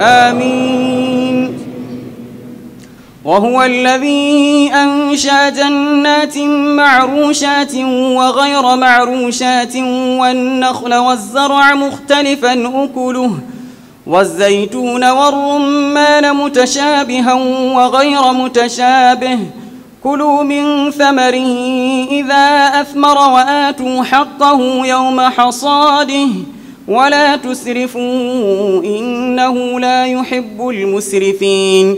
آمين وهو الذي أنشى جنات معروشات وغير معروشات والنخل والزرع مختلفا أكله والزيتون والرمان متشابها وغير متشابه كلوا من ثمره إذا أثمر وآتوا حقه يوم حصاده ولا تسرفوا إنه لا يحب المسرفين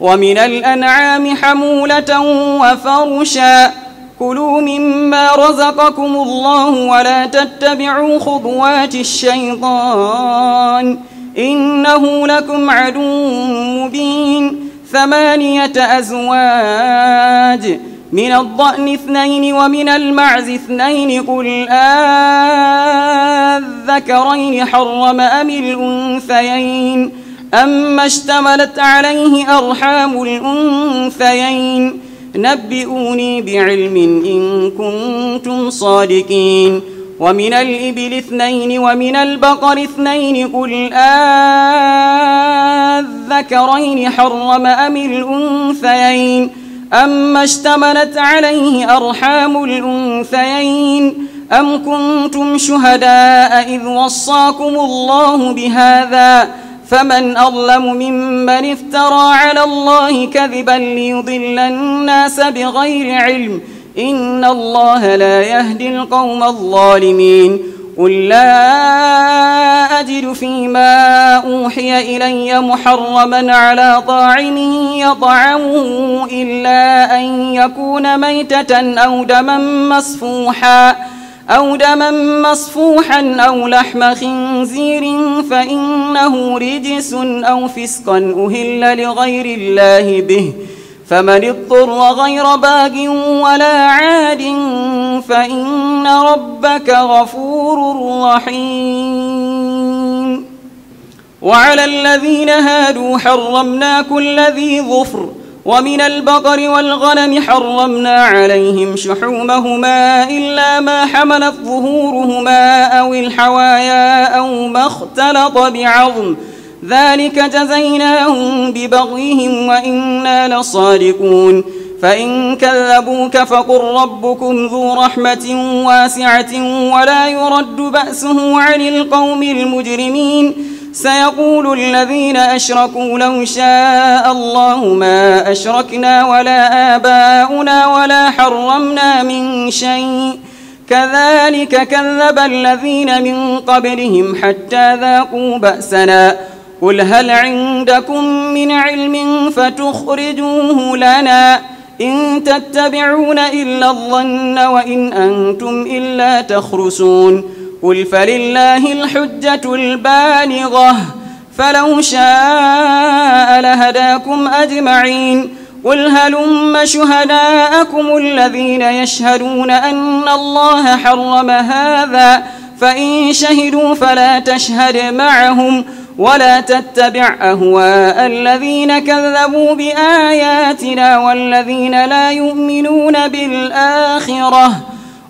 ومن الأنعام حمولة وفرشا كلوا مما رزقكم الله ولا تتبعوا خطوات الشيطان إنه لكم عدو مبين ثمانية أزواج من الضأن اثنين ومن المعز اثنين قل آذكرين حرم أم الأنثيين أما اشتملت عليه أرحام الأنثيين نبئوني بعلم إن كنتم صادقين ومن الإبل اثنين ومن البقر اثنين قل آذكرين حرم أم الأنثيين أما اشتملت عليه أرحام الأنثيين أم كنتم شهداء إذ وصاكم الله بهذا فمن أظلم ممن افترى على الله كذبا ليضل الناس بغير علم إن الله لا يهدي القوم الظالمين قل لا أجد فيما أوحي إلي محرما على طاعم يطعمه إلا أن يكون ميتة أو دما مصفوحا أو دما مصفوحا أو لحم خنزير فإنه رجس أو فسقا أهل لغير الله به فمن اضطر غير باغ ولا عاد فإن ربك غفور رحيم وعلى الذين هادوا حرمنا كل ذي ظفر ومن البقر والغنم حرمنا عليهم شحومهما إلا ما حملت ظهورهما أو الحوايا أو ما اختلط بعظم ۖ ذلك جزيناهم ببغيهم وإنا لصادقون فإن كذبوك فقل ربكم ذو رحمة واسعة ولا يرد بأسه عن القوم المجرمين سيقول الذين أشركوا لو شاء الله ما أشركنا ولا آباؤنا ولا حرمنا من شيء كذلك كذب الذين من قبلهم حتى ذاقوا بأسنا قل هل عندكم من علم فتخرجوه لنا إن تتبعون إلا الظن وإن أنتم إلا تخرسون قل فلله الحجة البالغة فلو شاء لهداكم أجمعين قل هلم شهداءكم الذين يشهدون أن الله حرم هذا فإن شهدوا فلا تشهد معهم ولا تتبع أهواء الذين كذبوا بآياتنا والذين لا يؤمنون بالآخرة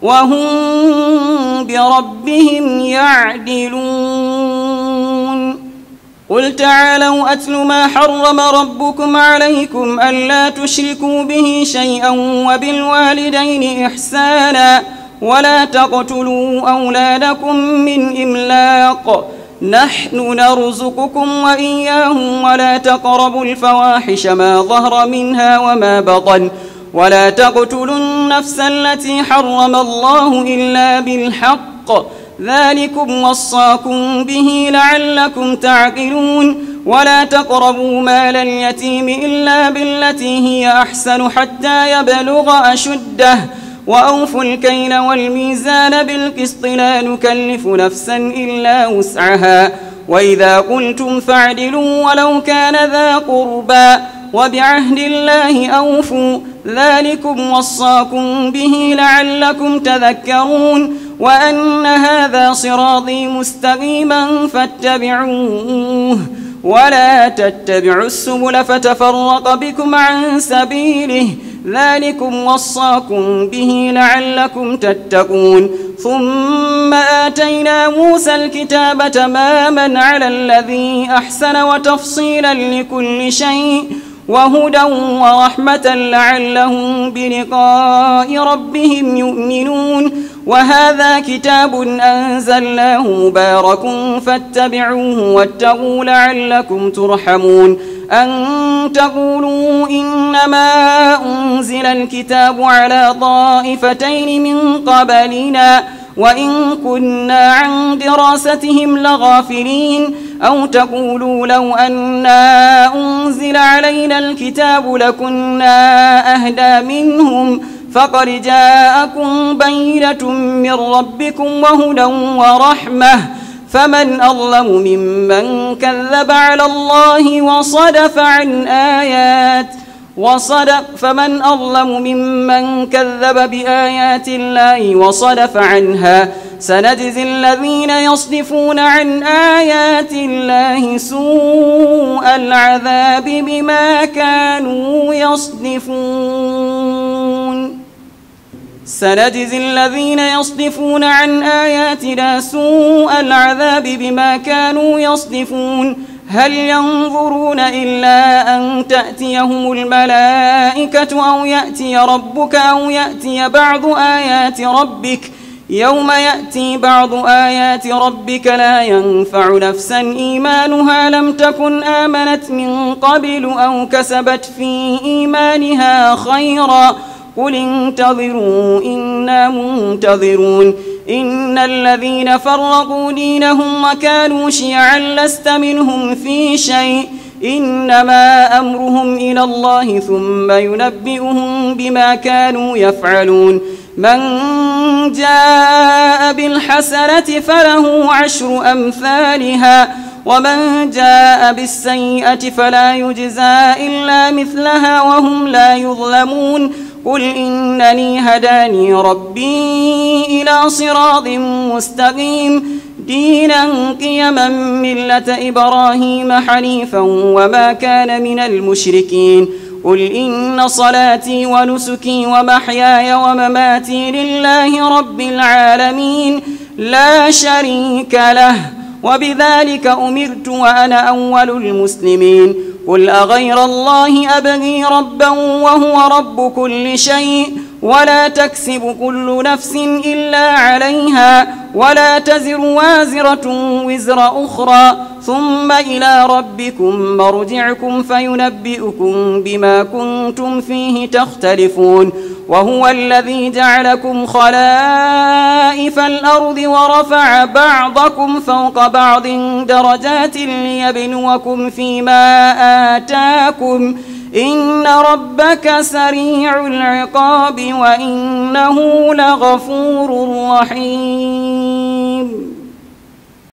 وهم بربهم يعدلون قل تعالوا أتل ما حرم ربكم عليكم ألا تشركوا به شيئا وبالوالدين إحسانا ولا تقتلوا أولادكم من إملاق نحن نرزقكم وإياهم ولا تقربوا الفواحش ما ظهر منها وما بطن ولا تقتلوا النفس التي حرم الله إلا بالحق ذلكم وصاكم به لعلكم تعقلون ولا تقربوا مال اليتيم إلا بالتي هي أحسن حتى يبلغ أشده وأوفوا الكيل والميزان بالقسط لا نكلف نفسا إلا وسعها وإذا قلتم فاعدلوا ولو كان ذا قربى وبعهد الله أوفوا ذلكم وصاكم به لعلكم تذكرون وأن هذا صراطي مستقيما فاتبعوه ولا تتبعوا السبل فتفرق بكم عن سبيله ذلكم وصاكم به لعلكم تتقون ثم آتينا موسى الكتاب تماما على الذي أحسن وتفصيلا لكل شيء وهدى ورحمة لعلهم بلقاء ربهم يؤمنون وهذا كتاب أنزلناه مبارك فاتبعوه واتقوا لعلكم ترحمون أن تقولوا إنما أنزل الكتاب على طائفتين من قبلنا وإن كنا عن دراستهم لغافلين أو تقولوا لو أنا أنزل علينا الكتاب لكنا أهدى منهم فقد جاءكم بينة من ربكم وهدى ورحمة فمن أظلم ممن كذب على الله وصدف عن آياته وصدق فمن أظلم ممن كذب بآيات الله وصدف عنها سنجزي الذين يصدفون عن آيات الله سوء العذاب بما كانوا يصدفون سنجزي الذين يصدفون عن آياتنا سوء العذاب بما كانوا يصدفون هل ينظرون إلا أن تأتيهم الملائكة أو يأتي ربك أو يأتي بعض آيات ربك يوم يأتي بعض آيات ربك لا ينفع نفسا إيمانها لم تكن آمنت من قبل أو كسبت في إيمانها خيرا قل انتظروا إنا منتظرون إن الذين فرقوا دينهم وكانوا شيعا لست منهم في شيء إنما أمرهم إلى الله ثم ينبئهم بما كانوا يفعلون من جاء بالحسنة فله عشر أمثالها ومن جاء بالسيئة فلا يجزى إلا مثلها وهم لا يظلمون قل إنني هداني ربي إلى صراط مستقيم دينا قيما ملة إبراهيم حنيفا وما كان من المشركين قل إن صلاتي ونسكي ومحياي ومماتي لله رب العالمين لا شريك له وبذلك أمرت وأنا أول المسلمين قل أغير الله أبغي ربا وهو رب كل شيء ولا تكسب كل نفس إلا عليها ولا تزر وازرة وزر أخرى ثم إلى ربكم مرجعكم فينبئكم بما كنتم فيه تختلفون وهو الذي جعلكم خلائف الأرض ورفع بعضكم فوق بعض درجات ليبنوكم فيما آتاكم إن ربك سريع العقاب وإنه لغفور رحيم